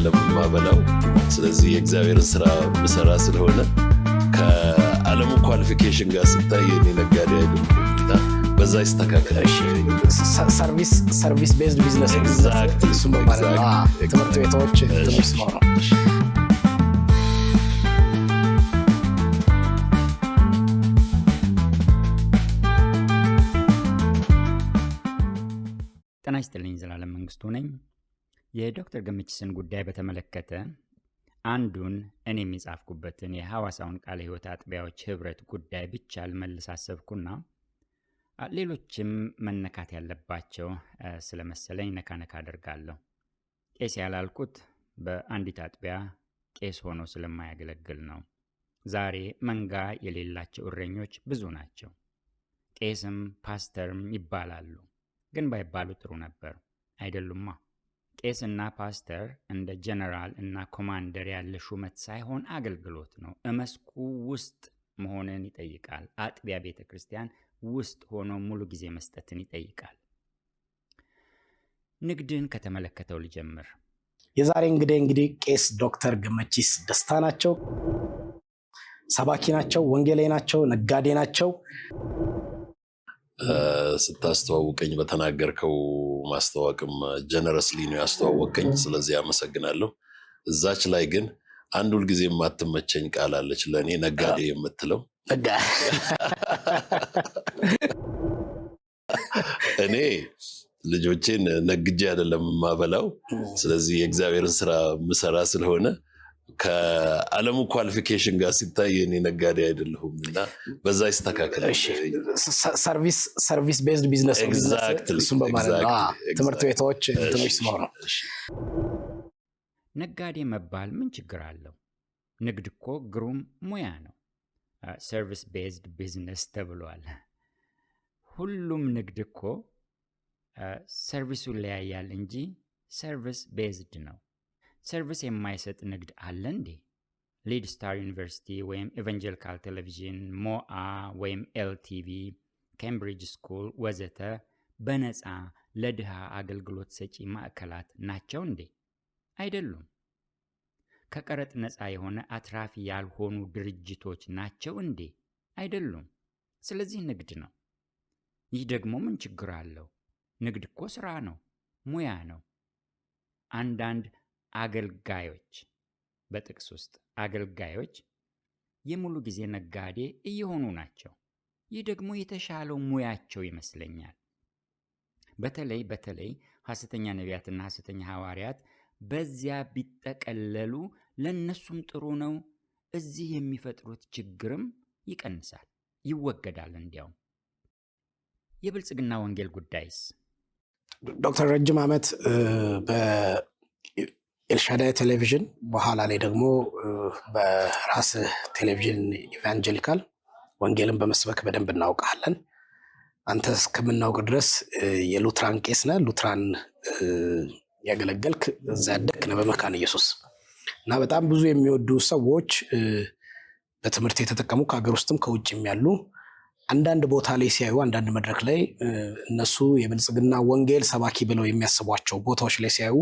አይደለም ማበላው። ስለዚህ የእግዚአብሔርን ስራ ብሰራ ስለሆነ ከአለሙ ኳሊፊኬሽን ጋር ስታይ የኔ ነጋዴ አይደለም። በዛ ይስተካከላል። ሰርቪስ ቤዝድ ቢዝነስ ትምህርት ቤቶች ትምህርት ጤና ይስጥልኝ። ዘላለም መንግስቱ ነኝ። የዶክተር ገምችስን ጉዳይ በተመለከተ አንዱን እኔ የሚጻፍኩበትን የሐዋሳውን ቃለ ሕይወት አጥቢያዎች ኅብረት ጉዳይ ብቻ ልመልስ አሰብኩና ሌሎችም መነካት ያለባቸው ስለመሰለኝ ነካነካ አደርጋለሁ። ቄስ ያላልኩት በአንዲት አጥቢያ ቄስ ሆኖ ስለማያገለግል ነው። ዛሬ መንጋ የሌላቸው እረኞች ብዙ ናቸው። ቄስም ፓስተርም ይባላሉ። ግን ባይባሉ ጥሩ ነበር አይደሉማ? ቄስና ፓስተር እንደ ጀነራል እና ኮማንደር ያለ ሹመት ሳይሆን አገልግሎት ነው። እመስኩ ውስጥ መሆንን ይጠይቃል። አጥቢያ ቤተ ክርስቲያን ውስጥ ሆኖ ሙሉ ጊዜ መስጠትን ይጠይቃል። ንግድን ከተመለከተው ልጀምር። የዛሬ እንግዲህ እንግዲህ ቄስ ዶክተር ገመቺስ ደስታ ናቸው። ሰባኪ ናቸው፣ ወንጌላዊ ናቸው፣ ነጋዴ ናቸው። ስታስተዋውቀኝ በተናገርከው ማስተዋወቅም ጀነረስሊ ነው ያስተዋወቀኝ። ስለዚህ አመሰግናለሁ። እዛች ላይ ግን አንድ ሁልጊዜ የማትመቸኝ ቃል አለች ለእኔ ነጋዴ የምትለው እኔ ልጆቼን ነግጄ አይደለም የማበላው። ስለዚህ የእግዚአብሔርን ስራ ምሰራ ስለሆነ ከአለሙ ኳሊፊኬሽን ጋር ሲታይ እኔ ነጋዴ አይደለሁም እና በዛ ይስተካከልሰርቪስ ቤዝድ ቢዝነስ በማለት ትምህርት ቤቶች ትንሽ ስለሆነ ነጋዴ መባል ምን ችግር አለው? ንግድ እኮ ግሩም ሙያ ነው። ሰርቪስ ቤዝድ ቢዝነስ ተብሏል። ሁሉም ንግድ እኮ ሰርቪሱ ለያያል እንጂ ሰርቪስ ቤዝድ ነው። ሰርቪስ የማይሰጥ ንግድ አለ እንዴ? ሊድ ስታር ዩኒቨርሲቲ ወይም ኤቫንጀሊካል ቴሌቪዥን፣ ሞአ ወይም ኤልቲቪ፣ ኬምብሪጅ ስኩል ወዘተ በነፃ ለድሃ አገልግሎት ሰጪ ማዕከላት ናቸው እንዴ? አይደሉም። ከቀረጥ ነፃ የሆነ አትራፊ ያልሆኑ ድርጅቶች ናቸው እንዴ? አይደሉም። ስለዚህ ንግድ ነው። ይህ ደግሞ ምን ችግር አለው? ንግድ እኮ ስራ ነው፣ ሙያ ነው። አንዳንድ አገልጋዮች በጥቅስ ውስጥ አገልጋዮች የሙሉ ጊዜ ነጋዴ እየሆኑ ናቸው። ይህ ደግሞ የተሻለው ሙያቸው ይመስለኛል። በተለይ በተለይ ሐሰተኛ ነቢያትና ሐሰተኛ ሐዋርያት በዚያ ቢጠቀለሉ ለእነሱም ጥሩ ነው። እዚህ የሚፈጥሩት ችግርም ይቀንሳል፣ ይወገዳል። እንዲያውም የብልጽግና ወንጌል ጉዳይስ ዶክተር ረጅም ዓመት ኤልሻዳይ ቴሌቪዥን በኋላ ላይ ደግሞ በራስ ቴሌቪዥን ኢቫንጀሊካል ወንጌልን በመስበክ በደንብ እናውቃለን። አንተ እስከምናውቅ ድረስ የሉትራን ቄስ ነህ። ሉትራን ያገለገልክ እዛ ያደግክ ነህ በመካነ ኢየሱስ እና በጣም ብዙ የሚወዱ ሰዎች በትምህርት የተጠቀሙ ከሀገር ውስጥም ከውጭም ያሉ አንዳንድ ቦታ ላይ ሲያዩ አንዳንድ መድረክ ላይ እነሱ የብልጽግና ወንጌል ሰባኪ ብለው የሚያስቧቸው ቦታዎች ላይ ሲያዩ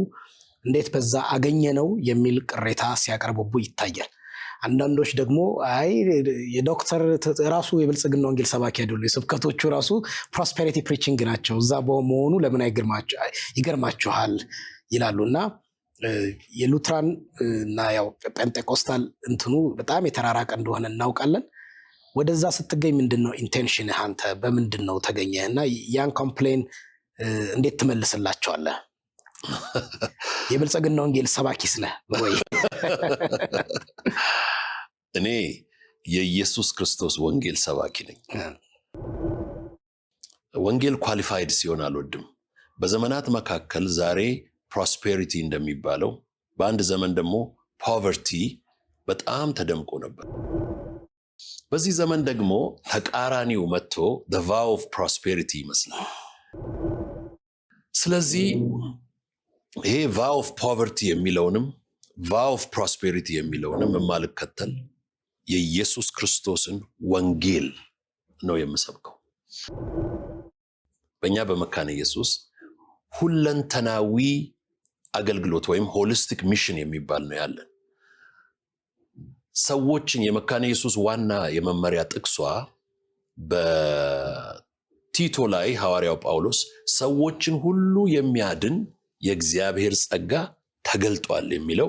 እንዴት በዛ አገኘ ነው የሚል ቅሬታ ሲያቀርቡቡ ይታያል። አንዳንዶች ደግሞ አይ የዶክተር ራሱ የብልጽግና ወንጌል ሰባኪ አይደሉ፣ የስብከቶቹ ራሱ ፕሮስፐሪቲ ፕሪቺንግ ናቸው፣ እዛ በመሆኑ ለምን ይገርማችኋል ይላሉ እና የሉትራን እና ያው ጴንጤቆስታል እንትኑ በጣም የተራራቀ እንደሆነ እናውቃለን። ወደዛ ስትገኝ ምንድን ነው ኢንቴንሽን አንተ በምንድን ነው ተገኘ እና ያን ኮምፕሌን እንዴት ትመልስላቸዋለህ? የብልጽግና ወንጌል ሰባኪ ስለ ወይ እኔ የኢየሱስ ክርስቶስ ወንጌል ሰባኪ ነኝ። ወንጌል ኳሊፋይድ ሲሆን አልወድም። በዘመናት መካከል ዛሬ ፕሮስፔሪቲ እንደሚባለው በአንድ ዘመን ደግሞ ፖቨርቲ በጣም ተደምቆ ነበር። በዚህ ዘመን ደግሞ ተቃራኒው መጥቶ ቫው ኦፍ ፕሮስፔሪቲ ይመስላል። ስለዚህ ይሄ ቫ ኦፍ ፖቨርቲ የሚለውንም ቫ ኦፍ ፕሮስፔሪቲ የሚለውንም የማልከተል የኢየሱስ ክርስቶስን ወንጌል ነው የምሰብከው። በእኛ በመካነ ኢየሱስ ሁለንተናዊ አገልግሎት ወይም ሆሊስቲክ ሚሽን የሚባል ነው ያለን። ሰዎችን የመካነ ኢየሱስ ዋና የመመሪያ ጥቅሷ በቲቶ ላይ ሐዋርያው ጳውሎስ ሰዎችን ሁሉ የሚያድን የእግዚአብሔር ጸጋ ተገልጧል የሚለው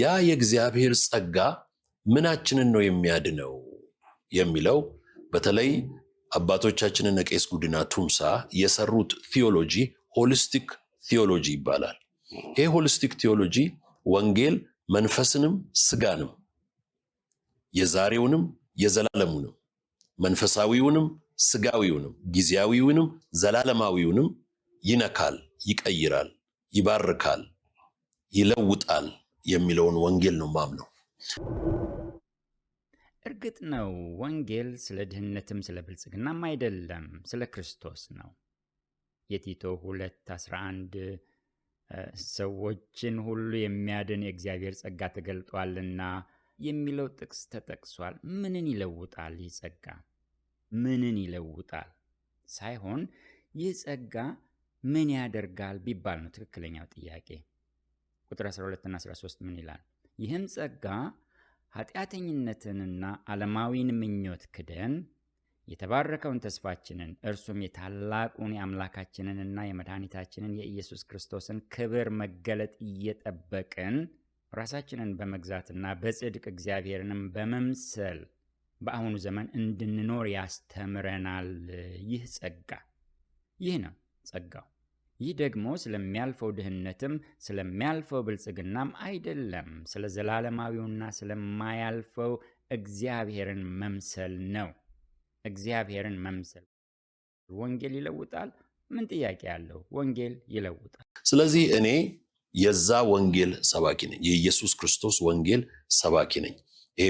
ያ የእግዚአብሔር ጸጋ ምናችንን ነው የሚያድነው የሚለው በተለይ አባቶቻችንን ቄስ ጉድና ቱምሳ የሰሩት ቴዎሎጂ ሆሊስቲክ ቴዎሎጂ ይባላል። ይሄ ሆሊስቲክ ቴዎሎጂ ወንጌል መንፈስንም ስጋንም የዛሬውንም የዘላለሙንም መንፈሳዊውንም ስጋዊውንም ጊዜያዊውንም ዘላለማዊውንም ይነካል፣ ይቀይራል። ይባርካል፣ ይለውጣል የሚለውን ወንጌል ነው ማምነው። እርግጥ ነው ወንጌል ስለ ድህነትም ስለ ብልጽግናም አይደለም፣ ስለ ክርስቶስ ነው። የቲቶ 2:11 ሰዎችን ሁሉ የሚያድን የእግዚአብሔር ጸጋ ተገልጧልና የሚለው ጥቅስ ተጠቅሷል። ምንን ይለውጣል? ይህ ጸጋ ምንን ይለውጣል ሳይሆን ይህ ጸጋ ምን ያደርጋል ቢባል ነው ትክክለኛው ጥያቄ። ቁጥር 12 እና 13 ምን ይላል? ይህም ጸጋ ኃጢአተኝነትንና ዓለማዊን ምኞት ክደን የተባረከውን ተስፋችንን እርሱም የታላቁን የአምላካችንንና የመድኃኒታችንን የኢየሱስ ክርስቶስን ክብር መገለጥ እየጠበቅን ራሳችንን በመግዛትና በጽድቅ እግዚአብሔርንም በመምሰል በአሁኑ ዘመን እንድንኖር ያስተምረናል። ይህ ጸጋ ይህ ነው። ጸጋው። ይህ ደግሞ ስለሚያልፈው ድህነትም ስለሚያልፈው ብልጽግናም አይደለም፣ ስለ ዘላለማዊውና ስለማያልፈው እግዚአብሔርን መምሰል ነው። እግዚአብሔርን መምሰል ወንጌል ይለውጣል። ምን ጥያቄ አለው ወንጌል ይለውጣል። ስለዚህ እኔ የዛ ወንጌል ሰባኪ ነኝ። የኢየሱስ ክርስቶስ ወንጌል ሰባኪ ነኝ። ይሄ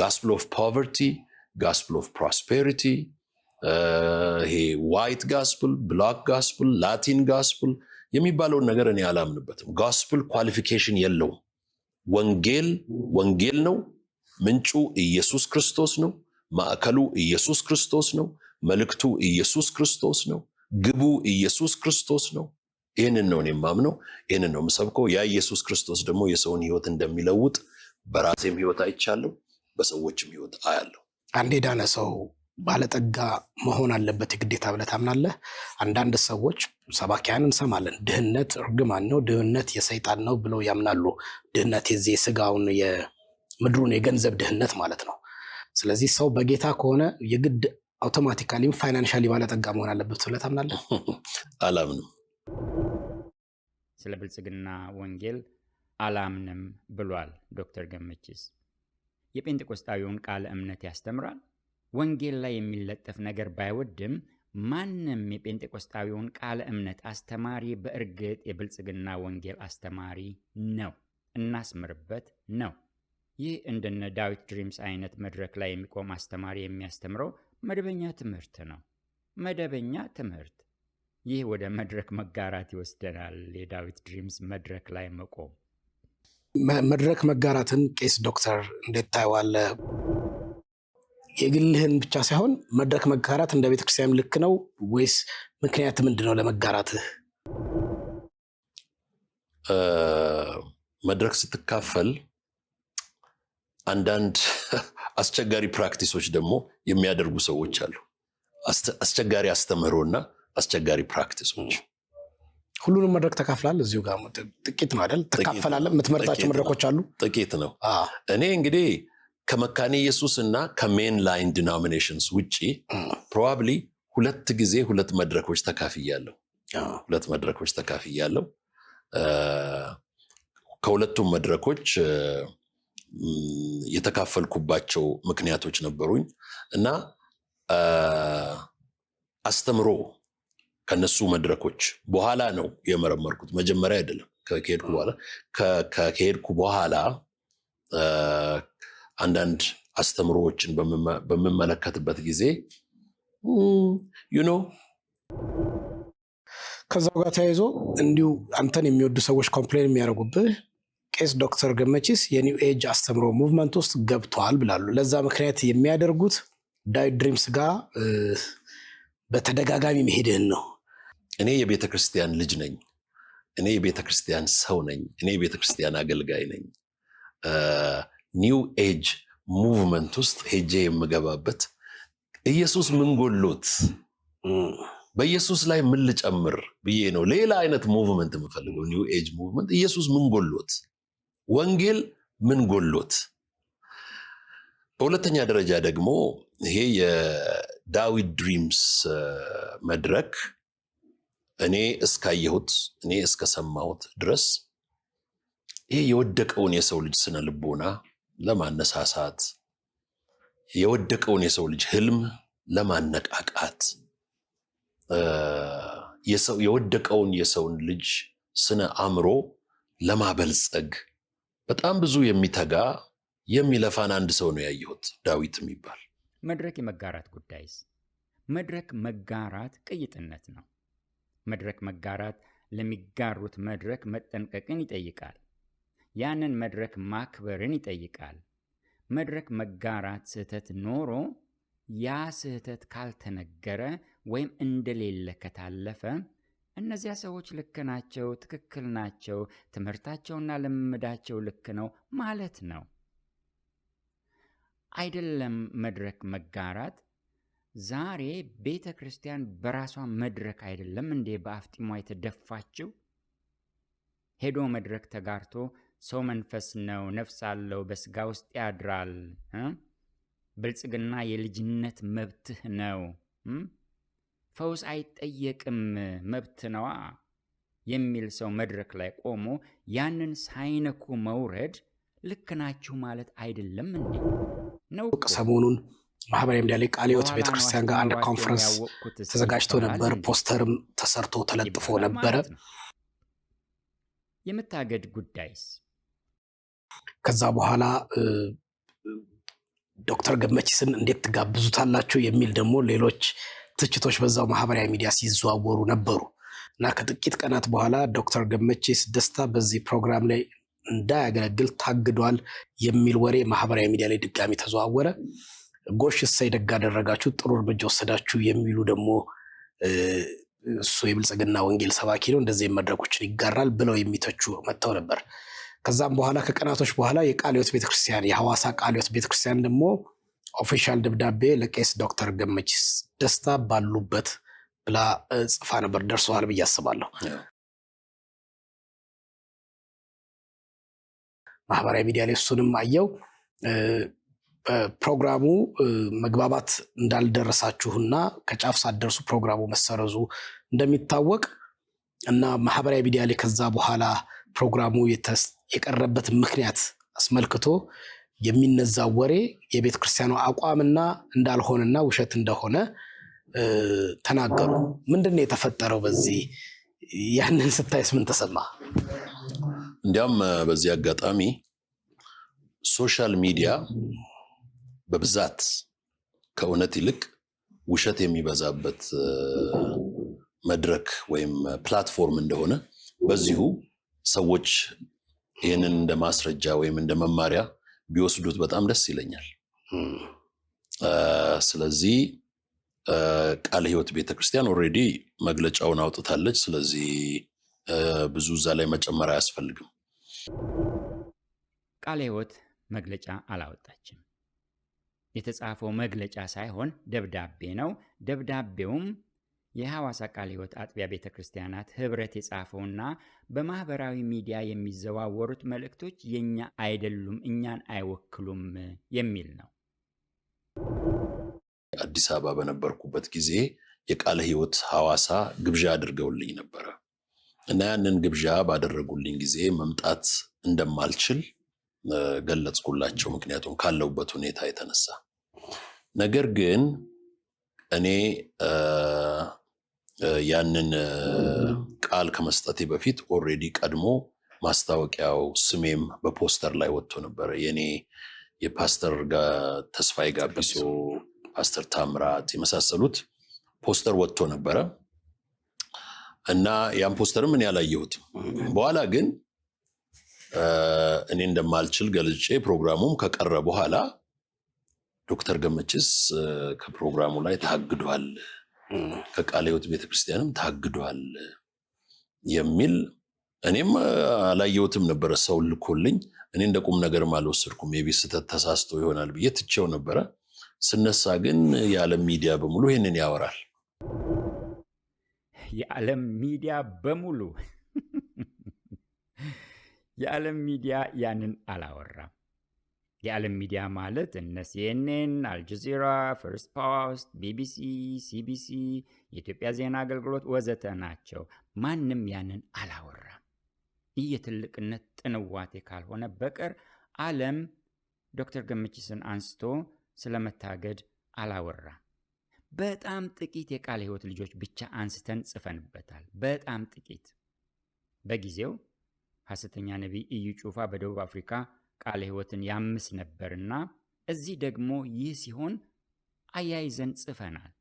ጋስፕል ኦፍ ፖቨርቲ ጋስፕል ኦፍ ፕሮስፔሪቲ ይሄ ዋይት ጋስፕል፣ ብላክ ጋስፕል፣ ላቲን ጋስፕል የሚባለውን ነገር እኔ አላምንበትም። ጋስፕል ኳሊፊኬሽን የለውም። ወንጌል ወንጌል ነው። ምንጩ ኢየሱስ ክርስቶስ ነው። ማዕከሉ ኢየሱስ ክርስቶስ ነው። መልክቱ ኢየሱስ ክርስቶስ ነው። ግቡ ኢየሱስ ክርስቶስ ነው። ይህንን ነው እኔ ማምነው ይህንን ነው የምሰብከው። ያ ኢየሱስ ክርስቶስ ደግሞ የሰውን ህይወት እንደሚለውጥ በራሴም ህይወት አይቻለሁ፣ በሰዎችም ህይወት አያለሁ። አንዴ ዳነ ሰው ባለጠጋ መሆን አለበት የግዴታ ብለህ ታምናለህ? አንዳንድ ሰዎች ሰባኪያን እንሰማለን፣ ድህነት እርግማን ነው፣ ድህነት የሰይጣን ነው ብለው ያምናሉ። ድህነት የዚህ የስጋውን የምድሩን የገንዘብ ድህነት ማለት ነው። ስለዚህ ሰው በጌታ ከሆነ የግድ አውቶማቲካሊም ፋይናንሻሊ ባለጠጋ መሆን አለበት ብለህ ታምናለህ? አላምንም። ስለ ብልጽግና ወንጌል አላምንም ብሏል ዶክተር ገመችስ። የጴንጤቆስጣዊውን ቃለ እምነት ያስተምራል ወንጌል ላይ የሚለጠፍ ነገር ባይወድም ማንም የጴንጤቆስጣዊውን ቃለ እምነት አስተማሪ በእርግጥ የብልጽግና ወንጌል አስተማሪ ነው፣ እናስምርበት ነው። ይህ እንደነ ዳዊት ድሪምስ አይነት መድረክ ላይ የሚቆም አስተማሪ የሚያስተምረው መደበኛ ትምህርት ነው። መደበኛ ትምህርት። ይህ ወደ መድረክ መጋራት ይወስደናል። የዳዊት ድሪምስ መድረክ ላይ መቆም መድረክ መጋራትን ቄስ ዶክተር እንዴት ታይዋለህ? የግልህን ብቻ ሳይሆን መድረክ መጋራት እንደ ቤተክርስቲያን ልክ ነው ወይስ ምክንያት ምንድን ነው ለመጋራትህ? መድረክ ስትካፈል አንዳንድ አስቸጋሪ ፕራክቲሶች ደግሞ የሚያደርጉ ሰዎች አሉ። አስቸጋሪ እና አስቸጋሪ ፕራክቲሶች ሁሉንም መድረክ ተካፍላል። እዚሁ ጋር ጥቂት ነው አይደል? ትካፈላለህ። የምትመርጣቸው መድረኮች አሉ። ጥቂት ነው። እኔ እንግዲህ ከመካኔ ኢየሱስ እና ከሜን ላይን ዲኖሚኔሽንስ ውጭ ፕሮባብሊ ሁለት ጊዜ ሁለት መድረኮች ተካፍያለሁ። ሁለት መድረኮች ተካፍያለሁ። ከሁለቱም መድረኮች የተካፈልኩባቸው ምክንያቶች ነበሩኝ እና አስተምሮ ከነሱ መድረኮች በኋላ ነው የመረመርኩት። መጀመሪያ አይደለም። ከሄድኩ በኋላ ከሄድኩ በኋላ አንዳንድ አስተምሮዎችን በምመለከትበት ጊዜ ዩኖ ከዛው ጋር ተያይዞ እንዲሁ አንተን የሚወዱ ሰዎች ኮምፕሌን የሚያደርጉብህ ቄስ ዶክተር ገመቺስ የኒው ኤጅ አስተምሮ ሙቭመንት ውስጥ ገብተዋል ብላሉ። ለዛ ምክንያት የሚያደርጉት ዳዊት ድሪምስ ጋር በተደጋጋሚ መሄድህን ነው። እኔ የቤተ ክርስቲያን ልጅ ነኝ። እኔ የቤተ ክርስቲያን ሰው ነኝ። እኔ የቤተ ክርስቲያን አገልጋይ ነኝ። ኒው ኤጅ ሙቭመንት ውስጥ ሄጄ የምገባበት ኢየሱስ ምን ጎሎት በኢየሱስ ላይ ምን ልጨምር ብዬ ነው ሌላ አይነት ሙቭመንት የምፈልገው። ኒው ኤጅ ሙቭመንት ኢየሱስ ምን ጎሎት፣ ወንጌል ምን ጎሎት። በሁለተኛ ደረጃ ደግሞ ይሄ የዳዊት ድሪምስ መድረክ እኔ እስካየሁት እኔ እስከሰማሁት ድረስ ይሄ የወደቀውን የሰው ልጅ ስነ ልቦና ለማነሳሳት የወደቀውን የሰው ልጅ ህልም ለማነቃቃት የወደቀውን የሰውን ልጅ ስነ አእምሮ ለማበልጸግ በጣም ብዙ የሚተጋ የሚለፋን አንድ ሰው ነው ያየሁት፣ ዳዊት የሚባል መድረክ የመጋራት ጉዳይስ መድረክ መጋራት ቅይጥነት ነው። መድረክ መጋራት ለሚጋሩት መድረክ መጠንቀቅን ይጠይቃል። ያንን መድረክ ማክበርን ይጠይቃል። መድረክ መጋራት ስህተት ኖሮ ያ ስህተት ካልተነገረ ወይም እንደሌለ ከታለፈ እነዚያ ሰዎች ልክ ናቸው፣ ትክክል ናቸው፣ ትምህርታቸውና ልምዳቸው ልክ ነው ማለት ነው። አይደለም መድረክ መጋራት ዛሬ ቤተ ክርስቲያን በራሷ መድረክ አይደለም እንዴ በአፍጢሟ የተደፋችው? ሄዶ መድረክ ተጋርቶ ሰው መንፈስ ነው፣ ነፍስ አለው፣ በስጋ ውስጥ ያድራል። ብልጽግና የልጅነት መብትህ ነው። ፈውስ አይጠየቅም፣ መብት ነዋ የሚል ሰው መድረክ ላይ ቆሞ ያንን ሳይነኩ መውረድ ልክ ናችሁ ማለት አይደለም እንዴ? ነው ሰሞኑን ማህበራዊ ሚዲያ ላይ ቃለ ሕይወት ቤተክርስቲያን ጋር አንድ ኮንፈረንስ ተዘጋጅቶ ነበር። ፖስተርም ተሰርቶ ተለጥፎ ነበረ። የመታገድ ጉዳይስ? ከዛ በኋላ ዶክተር ገመችስን እንዴት ትጋብዙታላችሁ የሚል ደግሞ ሌሎች ትችቶች በዛው ማህበራዊ ሚዲያ ሲዘዋወሩ ነበሩ እና ከጥቂት ቀናት በኋላ ዶክተር ገመችስ ደስታ በዚህ ፕሮግራም ላይ እንዳያገለግል ታግዷል የሚል ወሬ ማህበራዊ ሚዲያ ላይ ድጋሚ ተዘዋወረ። ጎሽ እሰይ ደግ አደረጋችሁ፣ ጥሩ እርምጃ ወሰዳችሁ የሚሉ ደግሞ እሱ የብልጽግና ወንጌል ሰባኪ ነው፣ እንደዚህ መድረኮችን ይጋራል ብለው የሚተቹ መጥተው ነበር። ከዛም በኋላ ከቀናቶች በኋላ የቃሊዮት ቤተክርስቲያን የሐዋሳ ቃልዮት ቤተክርስቲያን ደግሞ ኦፊሻል ደብዳቤ ለቄስ ዶክተር ገመቺስ ደስታ ባሉበት ብላ ጽፋ ነበር። ደርሰዋል ብዬ አስባለሁ። ማህበራዊ ሚዲያ ላይ እሱንም አየው። ፕሮግራሙ መግባባት እንዳልደረሳችሁና ከጫፍ ሳትደርሱ ፕሮግራሙ መሰረዙ እንደሚታወቅ እና ማህበራዊ ሚዲያ ላይ ከዛ በኋላ ፕሮግራሙ የቀረበት ምክንያት አስመልክቶ የሚነዛ ወሬ የቤተ ክርስቲያኗ አቋምና እንዳልሆነና ውሸት እንደሆነ ተናገሩ። ምንድን ነው የተፈጠረው? በዚህ ያንን ስታይስ ምን ተሰማ? እንዲያም በዚህ አጋጣሚ ሶሻል ሚዲያ በብዛት ከእውነት ይልቅ ውሸት የሚበዛበት መድረክ ወይም ፕላትፎርም እንደሆነ በዚሁ ሰዎች ይህንን እንደ ማስረጃ ወይም እንደ መማሪያ ቢወስዱት በጣም ደስ ይለኛል። ስለዚህ ቃለ ሕይወት ቤተክርስቲያን ኦልሬዲ መግለጫውን አውጥታለች። ስለዚህ ብዙ እዛ ላይ መጨመር አያስፈልግም። ቃለ ሕይወት መግለጫ አላወጣችም። የተጻፈው መግለጫ ሳይሆን ደብዳቤ ነው። ደብዳቤውም የሐዋሳ ቃለ ሕይወት አጥቢያ ቤተ ክርስቲያናት ኅብረት የጻፈውና በማኅበራዊ ሚዲያ የሚዘዋወሩት መልእክቶች የእኛ አይደሉም፣ እኛን አይወክሉም የሚል ነው። አዲስ አበባ በነበርኩበት ጊዜ የቃለ ሕይወት ሐዋሳ ግብዣ አድርገውልኝ ነበረ እና ያንን ግብዣ ባደረጉልኝ ጊዜ መምጣት እንደማልችል ገለጽኩላቸው፣ ምክንያቱም ካለውበት ሁኔታ የተነሳ ነገር ግን እኔ ያንን ቃል ከመስጠቴ በፊት ኦሬዲ ቀድሞ ማስታወቂያው ስሜም በፖስተር ላይ ወጥቶ ነበረ። የኔ የፓስተር ተስፋ ጋቢሶ፣ ፓስተር ታምራት የመሳሰሉት ፖስተር ወጥቶ ነበረ እና ያን ፖስተርም እኔ ያላየሁት በኋላ ግን እኔ እንደማልችል ገልጬ ፕሮግራሙም ከቀረ በኋላ ዶክተር ገመችስ ከፕሮግራሙ ላይ ታግዷል ከቃለ ሕይወት ቤተክርስቲያንም ታግዷል የሚል እኔም አላየሁትም ነበረ። ሰው ልኮልኝ እኔ እንደ ቁም ነገርም አልወሰድኩም። የቢ ስህተት ተሳስቶ ይሆናል ብዬ ትቼው ነበረ። ስነሳ ግን የዓለም ሚዲያ በሙሉ ይህንን ያወራል። የዓለም ሚዲያ በሙሉ የዓለም ሚዲያ ያንን አላወራም። የዓለም ሚዲያ ማለት እነ ሲኤንኤን፣ አልጀዚራ፣ ፈርስት ፓስት፣ ቢቢሲ፣ ሲቢሲ፣ የኢትዮጵያ ዜና አገልግሎት ወዘተ ናቸው። ማንም ያንን አላወራም። ይህ የትልቅነት ጥንዋቴ ካልሆነ በቀር ዓለም ዶክተር ገምችስን አንስቶ ስለመታገድ አላወራም። በጣም ጥቂት የቃለ ሕይወት ልጆች ብቻ አንስተን ጽፈንበታል። በጣም ጥቂት። በጊዜው ሐሰተኛ ነቢይ እዩ ጩፋ በደቡብ አፍሪካ ቃለ ሕይወትን ያምስ ነበርና እዚህ ደግሞ ይህ ሲሆን አያይዘን ጽፈናል።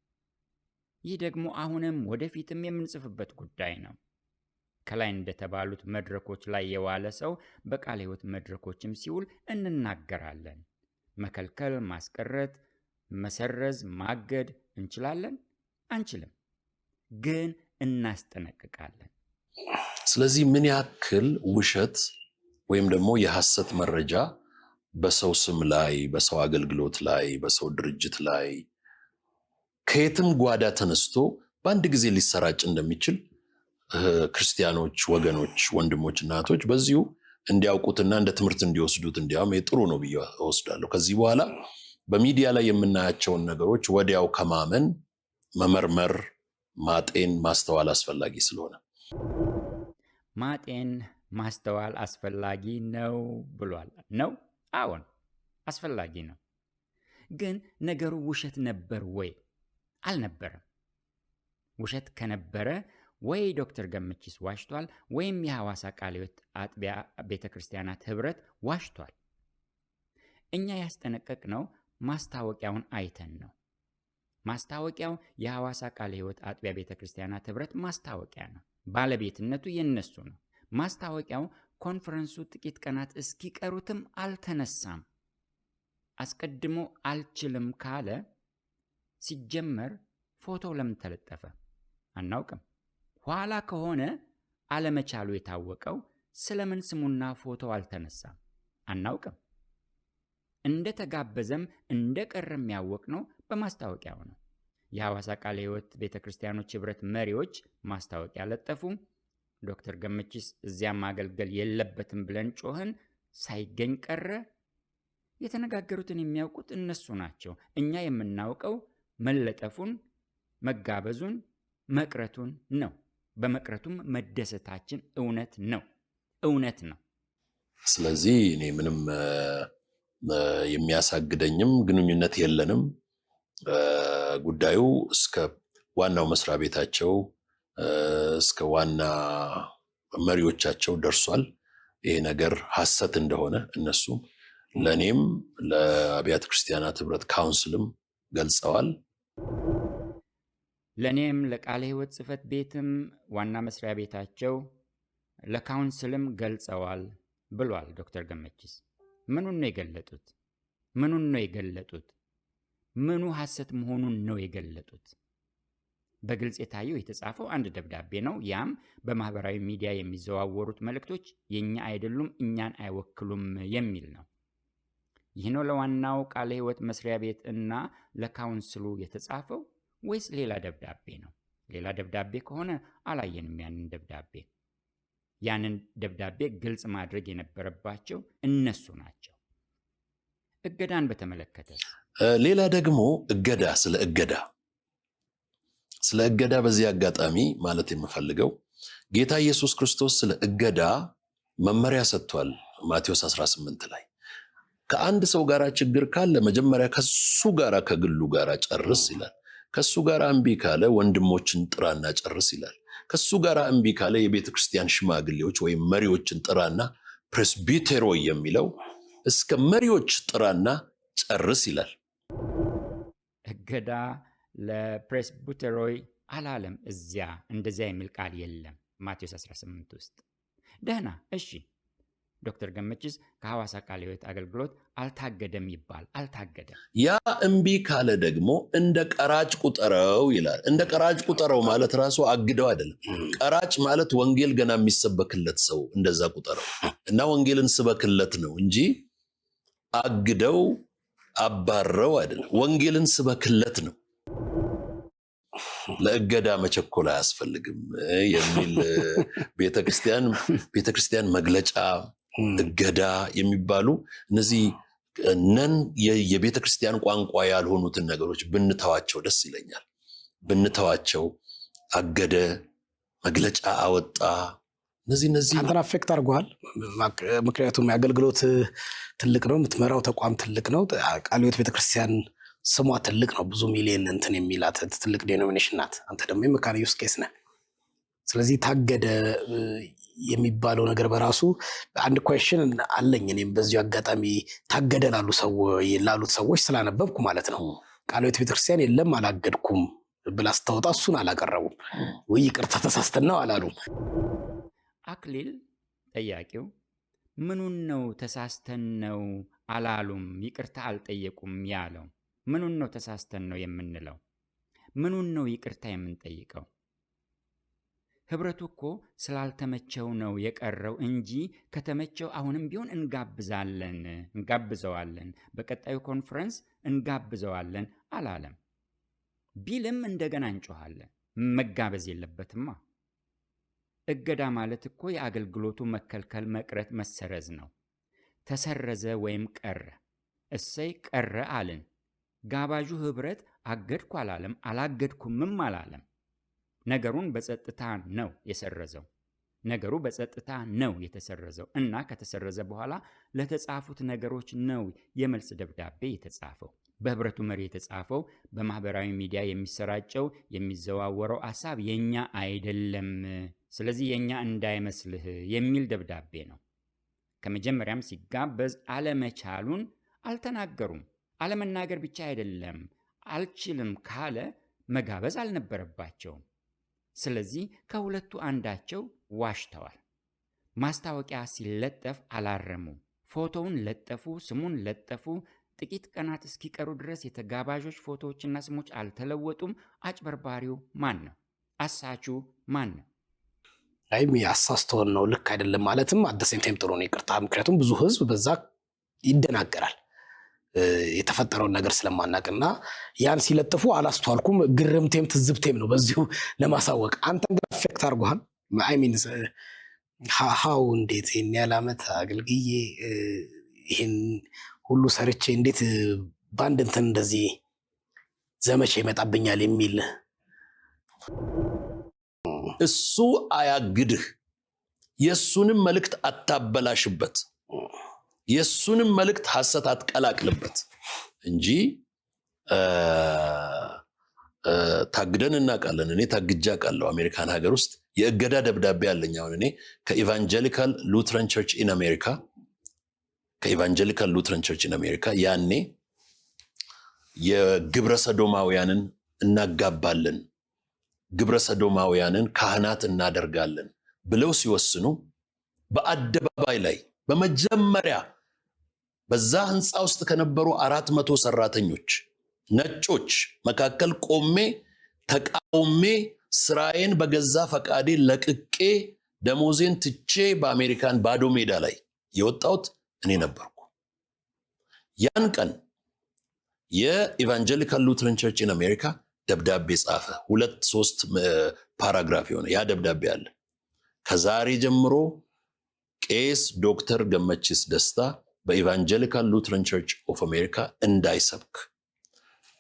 ይህ ደግሞ አሁንም ወደፊትም የምንጽፍበት ጉዳይ ነው። ከላይ እንደተባሉት መድረኮች ላይ የዋለ ሰው በቃለ ሕይወት መድረኮችም ሲውል እንናገራለን። መከልከል፣ ማስቀረት፣ መሰረዝ፣ ማገድ እንችላለን? አንችልም። ግን እናስጠነቅቃለን። ስለዚህ ምን ያክል ውሸት ወይም ደግሞ የሐሰት መረጃ በሰው ስም ላይ፣ በሰው አገልግሎት ላይ፣ በሰው ድርጅት ላይ ከየትም ጓዳ ተነስቶ በአንድ ጊዜ ሊሰራጭ እንደሚችል ክርስቲያኖች ወገኖች፣ ወንድሞች፣ እናቶች በዚሁ እንዲያውቁትና እንደ ትምህርት እንዲወስዱት እንዲያውም ጥሩ ነው ብዬ እወስዳለሁ። ከዚህ በኋላ በሚዲያ ላይ የምናያቸውን ነገሮች ወዲያው ከማመን መመርመር፣ ማጤን፣ ማስተዋል አስፈላጊ ስለሆነ ማጤን ማስተዋል አስፈላጊ ነው ብሏል። ነው? አዎን አስፈላጊ ነው። ግን ነገሩ ውሸት ነበር ወይ? አልነበረም። ውሸት ከነበረ ወይ ዶክተር ገመችስ ዋሽቷል ወይም የሐዋሳ ቃለ ሕይወት አጥቢያ ቤተ ክርስቲያናት ኅብረት ዋሽቷል። እኛ ያስጠነቀቅነው ማስታወቂያውን አይተን ነው። ማስታወቂያው የሐዋሳ ቃለ ሕይወት አጥቢያ ቤተ ክርስቲያናት ኅብረት ማስታወቂያ ነው። ባለቤትነቱ የነሱ ነው። ማስታወቂያው ኮንፈረንሱ ጥቂት ቀናት እስኪቀሩትም አልተነሳም። አስቀድሞ አልችልም ካለ ሲጀመር ፎቶው ለምን ተለጠፈ? አናውቅም። ኋላ ከሆነ አለመቻሉ የታወቀው ስለምን ስሙና ፎቶው አልተነሳም? አናውቅም። እንደ ተጋበዘም እንደ ቀረም ያወቅነው በማስታወቂያው ነው። የሐዋሳ ቃለ ሕይወት ቤተ ክርስቲያኖች ኅብረት መሪዎች ማስታወቂያ ለጠፉ። ዶክተር ገመቺስ እዚያ ማገልገል የለበትም ብለን ጮህን። ሳይገኝ ቀረ። የተነጋገሩትን የሚያውቁት እነሱ ናቸው። እኛ የምናውቀው መለጠፉን፣ መጋበዙን፣ መቅረቱን ነው። በመቅረቱም መደሰታችን እውነት ነው እውነት ነው። ስለዚህ እኔ ምንም የሚያሳግደኝም ግንኙነት የለንም። ጉዳዩ እስከ ዋናው መስሪያ ቤታቸው እስከ ዋና መሪዎቻቸው ደርሷል። ይሄ ነገር ሐሰት እንደሆነ እነሱም ለእኔም ለአብያተ ክርስቲያናት ህብረት ካውንስልም ገልጸዋል። ለእኔም ለቃለ ሕይወት ጽሕፈት ቤትም ዋና መስሪያ ቤታቸው ለካውንስልም ገልጸዋል ብሏል ዶክተር ገመችስ። ምኑን ነው የገለጡት? ምኑን ነው የገለጡት? ምኑ ሐሰት መሆኑን ነው የገለጡት? በግልጽ የታየው የተጻፈው አንድ ደብዳቤ ነው። ያም በማህበራዊ ሚዲያ የሚዘዋወሩት መልእክቶች የእኛ አይደሉም፣ እኛን አይወክሉም የሚል ነው። ይህ ነው ለዋናው ቃለ ሕይወት መስሪያ ቤት እና ለካውንስሉ የተጻፈው ወይስ ሌላ ደብዳቤ ነው? ሌላ ደብዳቤ ከሆነ አላየንም ያንን ደብዳቤ። ያንን ደብዳቤ ግልጽ ማድረግ የነበረባቸው እነሱ ናቸው። እገዳን በተመለከተ ሌላ ደግሞ እገዳ ስለ እገዳ ስለ እገዳ በዚህ አጋጣሚ ማለት የምፈልገው ጌታ ኢየሱስ ክርስቶስ ስለ እገዳ መመሪያ ሰጥቷል። ማቴዎስ 18 ላይ ከአንድ ሰው ጋር ችግር ካለ መጀመሪያ ከሱ ጋር ከግሉ ጋር ጨርስ ይላል። ከሱ ጋር እምቢ ካለ ወንድሞችን ጥራና ጨርስ ይላል። ከሱ ጋር እምቢ ካለ የቤተ ክርስቲያን ሽማግሌዎች ወይም መሪዎችን ጥራና ፕሬስቢቴሮ የሚለው እስከ መሪዎች ጥራና ጨርስ ይላል። እገዳ ለፕሬስቡተሮይ አላለም። እዚያ እንደዚያ የሚል ቃል የለም ማቴዎስ 18 ውስጥ። ደህና እሺ። ዶክተር ገመችስ ከሐዋሳ ቃለ ሕይወት አገልግሎት አልታገደም ይባል አልታገደም። ያ እምቢ ካለ ደግሞ እንደ ቀራጭ ቁጠረው ይላል። እንደ ቀራጭ ቁጠረው ማለት ራሱ አግደው አይደለም። ቀራጭ ማለት ወንጌል ገና የሚሰበክለት ሰው እንደዛ ቁጠረው እና ወንጌልን ስበክለት ነው እንጂ አግደው አባረው አይደለም። ወንጌልን ስበክለት ነው። ለእገዳ መቸኮል አያስፈልግም የሚል ቤተክርስቲያን ቤተክርስቲያን መግለጫ እገዳ የሚባሉ እነዚህ ነን የቤተክርስቲያን ቋንቋ ያልሆኑትን ነገሮች ብንተዋቸው ደስ ይለኛል። ብንተዋቸው አገደ፣ መግለጫ አወጣ፣ እነዚህ እነዚህ አንተን አፌክት አድርጓል። ምክንያቱም የአገልግሎት ትልቅ ነው፣ የምትመራው ተቋም ትልቅ ነው። ቃልዮት ቤተክርስቲያን ስሟ ትልቅ ነው። ብዙ ሚሊየን እንትን የሚላት ትልቅ ዴኖሚኔሽን ናት። አንተ ደግሞ የመካነ ዩስ ኬስ ነህ። ስለዚህ ታገደ የሚባለው ነገር በራሱ አንድ ኮሽን አለኝ። እኔም በዚሁ አጋጣሚ ታገደ ላሉ ላሉት ሰዎች ስላነበብኩ ማለት ነው። ቃልቤት ቤተክርስቲያን የለም አላገድኩም ብላ ስታወጣ እሱን አላቀረቡም ወይ ይቅርታ ተሳስተን ነው አላሉም። አክሊል ጠያቂው ምኑን ነው ተሳስተን ነው አላሉም፣ ይቅርታ አልጠየቁም ያለው ምኑን ነው ተሳስተን ነው የምንለው? ምኑን ነው ይቅርታ የምንጠይቀው? ህብረቱ እኮ ስላልተመቸው ነው የቀረው እንጂ ከተመቸው አሁንም ቢሆን እንጋብዛለን እንጋብዘዋለን፣ በቀጣዩ ኮንፈረንስ እንጋብዘዋለን አላለም። ቢልም እንደገና እንጮኋለን። መጋበዝ የለበትማ። እገዳ ማለት እኮ የአገልግሎቱ መከልከል፣ መቅረት፣ መሰረዝ ነው። ተሰረዘ ወይም ቀረ። እሰይ ቀረ አልን። ጋባዡ ህብረት አገድኩ አላለም፣ አላገድኩምም አላለም። ነገሩን በጸጥታ ነው የሰረዘው። ነገሩ በጸጥታ ነው የተሰረዘው እና ከተሰረዘ በኋላ ለተጻፉት ነገሮች ነው የመልስ ደብዳቤ የተጻፈው። በህብረቱ መሪ የተጻፈው በማህበራዊ ሚዲያ የሚሰራጨው የሚዘዋወረው አሳብ የእኛ አይደለም፣ ስለዚህ የእኛ እንዳይመስልህ የሚል ደብዳቤ ነው። ከመጀመሪያም ሲጋበዝ አለመቻሉን አልተናገሩም። አለመናገር ብቻ አይደለም፣ አልችልም ካለ መጋበዝ አልነበረባቸውም። ስለዚህ ከሁለቱ አንዳቸው ዋሽተዋል። ማስታወቂያ ሲለጠፍ አላረሙ። ፎቶውን ለጠፉ፣ ስሙን ለጠፉ። ጥቂት ቀናት እስኪቀሩ ድረስ የተጋባዦች ፎቶዎችና ስሞች አልተለወጡም። አጭበርባሪው ማን ነው? አሳቹ ማን ነው? አይ አሳስተውን ነው ልክ አይደለም ማለትም አደሴም ታይም ጥሩ ነው፣ ይቅርታ። ምክንያቱም ብዙ ህዝብ በዛ ይደናገራል። የተፈጠረውን ነገር ስለማናቅና ያን ሲለጥፉ አላስተዋልኩም። ግርምቴም ትዝብቴም ነው በዚሁ ለማሳወቅ። አንተን ግን አፌክት አርጓል። አይሚን ሀው እንዴት ይህን ያህል ዓመት አገልግዬ ይህን ሁሉ ሰርቼ እንዴት በአንድ እንትን እንደዚህ ዘመቻ ይመጣብኛል የሚል እሱ አያግድህ። የእሱንም መልእክት አታበላሽበት። የእሱንም መልእክት ሐሰት አትቀላቅልበት እንጂ ታግደን እናውቃለን። እኔ ታግጃ ቃለሁ አሜሪካን ሀገር ውስጥ የእገዳ ደብዳቤ አለኝ። አሁን እኔ ከኢቫንጀሊካል ሉትረን ቸርች ኢን አሜሪካ ከኢቫንጀሊካል ሉትረን ቸርች ኢን አሜሪካ ያኔ የግብረ ሰዶማውያንን እናጋባለን፣ ግብረ ሰዶማውያንን ካህናት እናደርጋለን ብለው ሲወስኑ በአደባባይ ላይ በመጀመሪያ በዛ ህንፃ ውስጥ ከነበሩ አራት መቶ ሰራተኞች ነጮች መካከል ቆሜ ተቃውሜ ስራዬን በገዛ ፈቃዴ ለቅቄ ደሞዜን ትቼ በአሜሪካን ባዶ ሜዳ ላይ የወጣሁት እኔ ነበርኩ። ያን ቀን የኢቫንጀሊካል ሉትረን ቸርች ኢን አሜሪካ ደብዳቤ ጻፈ። ሁለት ሶስት ፓራግራፍ የሆነ ያ ደብዳቤ አለ። ከዛሬ ጀምሮ ቄስ ዶክተር ገመቺስ ደስታ በኢቫንጀሊካል ሉትረን ቸርች ኦፍ አሜሪካ እንዳይሰብክ።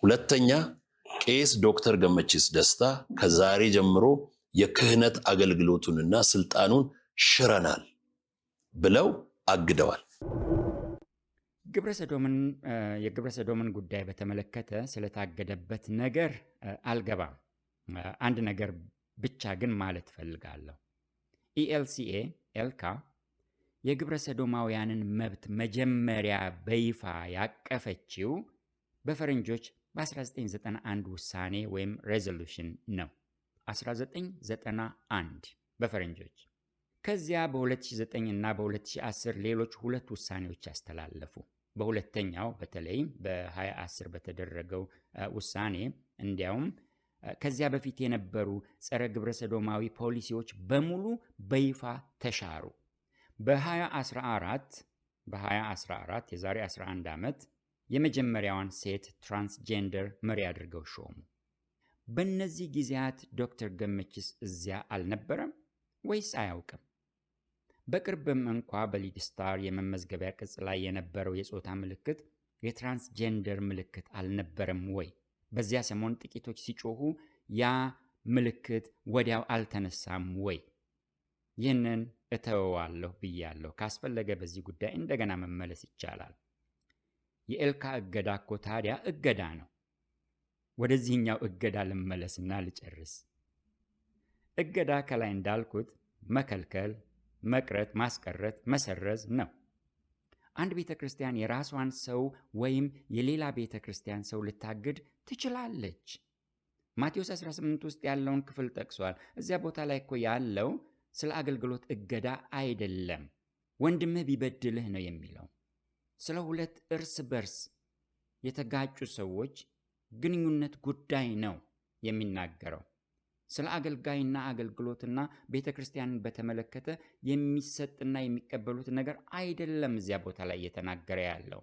ሁለተኛ ቄስ ዶክተር ገመቺስ ደስታ ከዛሬ ጀምሮ የክህነት አገልግሎቱንና ስልጣኑን ሽረናል ብለው አግደዋል። የግብረ ሰዶምን ጉዳይ በተመለከተ ስለታገደበት ነገር አልገባም። አንድ ነገር ብቻ ግን ማለት እፈልጋለሁ። ኢኤልሲኤ ኤልካ የግብረ ሰዶማውያንን መብት መጀመሪያ በይፋ ያቀፈችው በፈረንጆች በ1991 ውሳኔ ወይም ሬዞሉሽን ነው። 1991 በፈረንጆች። ከዚያ በ2009 እና በ2010 ሌሎች ሁለት ውሳኔዎች ያስተላለፉ። በሁለተኛው በተለይ በ2010 በተደረገው ውሳኔ እንዲያውም ከዚያ በፊት የነበሩ ጸረ ግብረ ሰዶማዊ ፖሊሲዎች በሙሉ በይፋ ተሻሩ። በ2014 በ2014 የዛሬ 11 ዓመት የመጀመሪያዋን ሴት ትራንስጀንደር መሪ አድርገው ሾሙ። በእነዚህ ጊዜያት ዶክተር ገመችስ እዚያ አልነበረም ወይስ አያውቅም? በቅርብም እንኳ በሊድ ስታር የመመዝገቢያ ቅጽ ላይ የነበረው የጾታ ምልክት የትራንስጀንደር ምልክት አልነበረም ወይ? በዚያ ሰሞን ጥቂቶች ሲጮኹ ያ ምልክት ወዲያው አልተነሳም ወይ? ይህንን እተወዋለሁ ብያለሁ። ካስፈለገ በዚህ ጉዳይ እንደገና መመለስ ይቻላል። የኤልካ እገዳ እኮ ታዲያ እገዳ ነው። ወደዚህኛው እገዳ ልመለስና ልጨርስ። እገዳ ከላይ እንዳልኩት መከልከል፣ መቅረት፣ ማስቀረት፣ መሰረዝ ነው። አንድ ቤተ ክርስቲያን የራሷን ሰው ወይም የሌላ ቤተ ክርስቲያን ሰው ልታግድ ትችላለች። ማቴዎስ 18 ውስጥ ያለውን ክፍል ጠቅሷል። እዚያ ቦታ ላይ እኮ ያለው ስለ አገልግሎት እገዳ አይደለም። ወንድምህ ቢበድልህ ነው የሚለው። ስለ ሁለት እርስ በርስ የተጋጩ ሰዎች ግንኙነት ጉዳይ ነው የሚናገረው። ስለ አገልጋይና አገልግሎትና ቤተ ክርስቲያንን በተመለከተ የሚሰጥና የሚቀበሉት ነገር አይደለም እዚያ ቦታ ላይ እየተናገረ ያለው።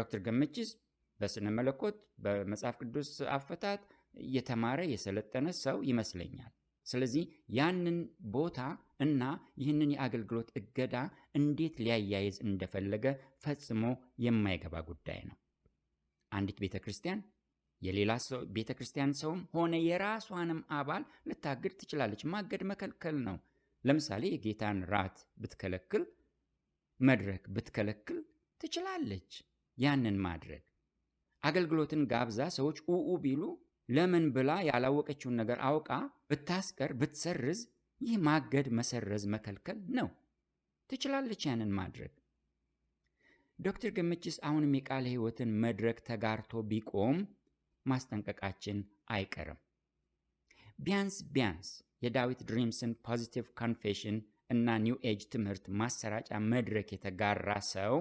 ዶክተር ገመችስ በስነ መለኮት በመጽሐፍ ቅዱስ አፈታት የተማረ የሰለጠነ ሰው ይመስለኛል። ስለዚህ ያንን ቦታ እና ይህንን የአገልግሎት እገዳ እንዴት ሊያያይዝ እንደፈለገ ፈጽሞ የማይገባ ጉዳይ ነው። አንዲት ቤተ ክርስቲያን የሌላ ሰው ቤተ ክርስቲያን ሰውም ሆነ የራሷንም አባል ልታግድ ትችላለች። ማገድ መከልከል ነው። ለምሳሌ የጌታን ራት ብትከለክል፣ መድረክ ብትከለክል ትችላለች ያንን ማድረግ። አገልግሎትን ጋብዛ ሰዎች ኡኡ ቢሉ ለምን ብላ ያላወቀችውን ነገር አውቃ ብታስቀር ብትሰርዝ፣ ይህ ማገድ፣ መሰረዝ፣ መከልከል ነው። ትችላለች ያንን ማድረግ። ዶክተር ገመችስ አሁንም የቃለ ሕይወትን መድረክ ተጋርቶ ቢቆም ማስጠንቀቃችን አይቀርም። ቢያንስ ቢያንስ የዳዊት ድሪምስን ፖዚቲቭ ኮንፌሽን እና ኒው ኤጅ ትምህርት ማሰራጫ መድረክ የተጋራ ሰው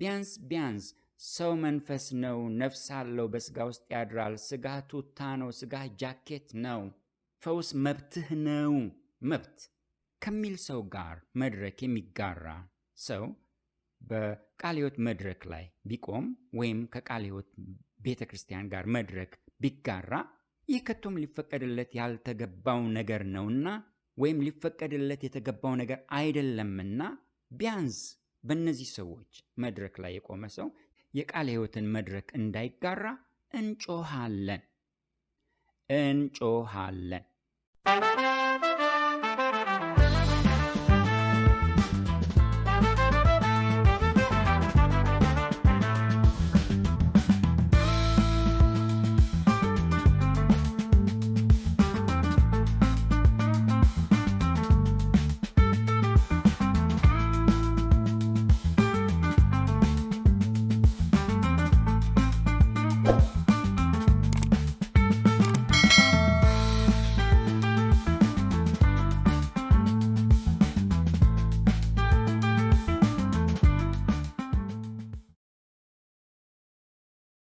ቢያንስ ቢያንስ ሰው መንፈስ ነው፣ ነፍስ አለው፣ በስጋ ውስጥ ያድራል። ስጋ ቱታ ነው፣ ስጋ ጃኬት ነው፣ ፈውስ መብትህ ነው መብት ከሚል ሰው ጋር መድረክ የሚጋራ ሰው በቃለ ሕይወት መድረክ ላይ ቢቆም ወይም ከቃለ ሕይወት ቤተ ክርስቲያን ጋር መድረክ ቢጋራ ይህ ከቶም ሊፈቀድለት ያልተገባው ነገር ነውና ወይም ሊፈቀድለት የተገባው ነገር አይደለምና ቢያንስ በእነዚህ ሰዎች መድረክ ላይ የቆመ ሰው የቃለ ሕይወትን መድረክ እንዳይጋራ እንጮሃለን እንጮሃለን።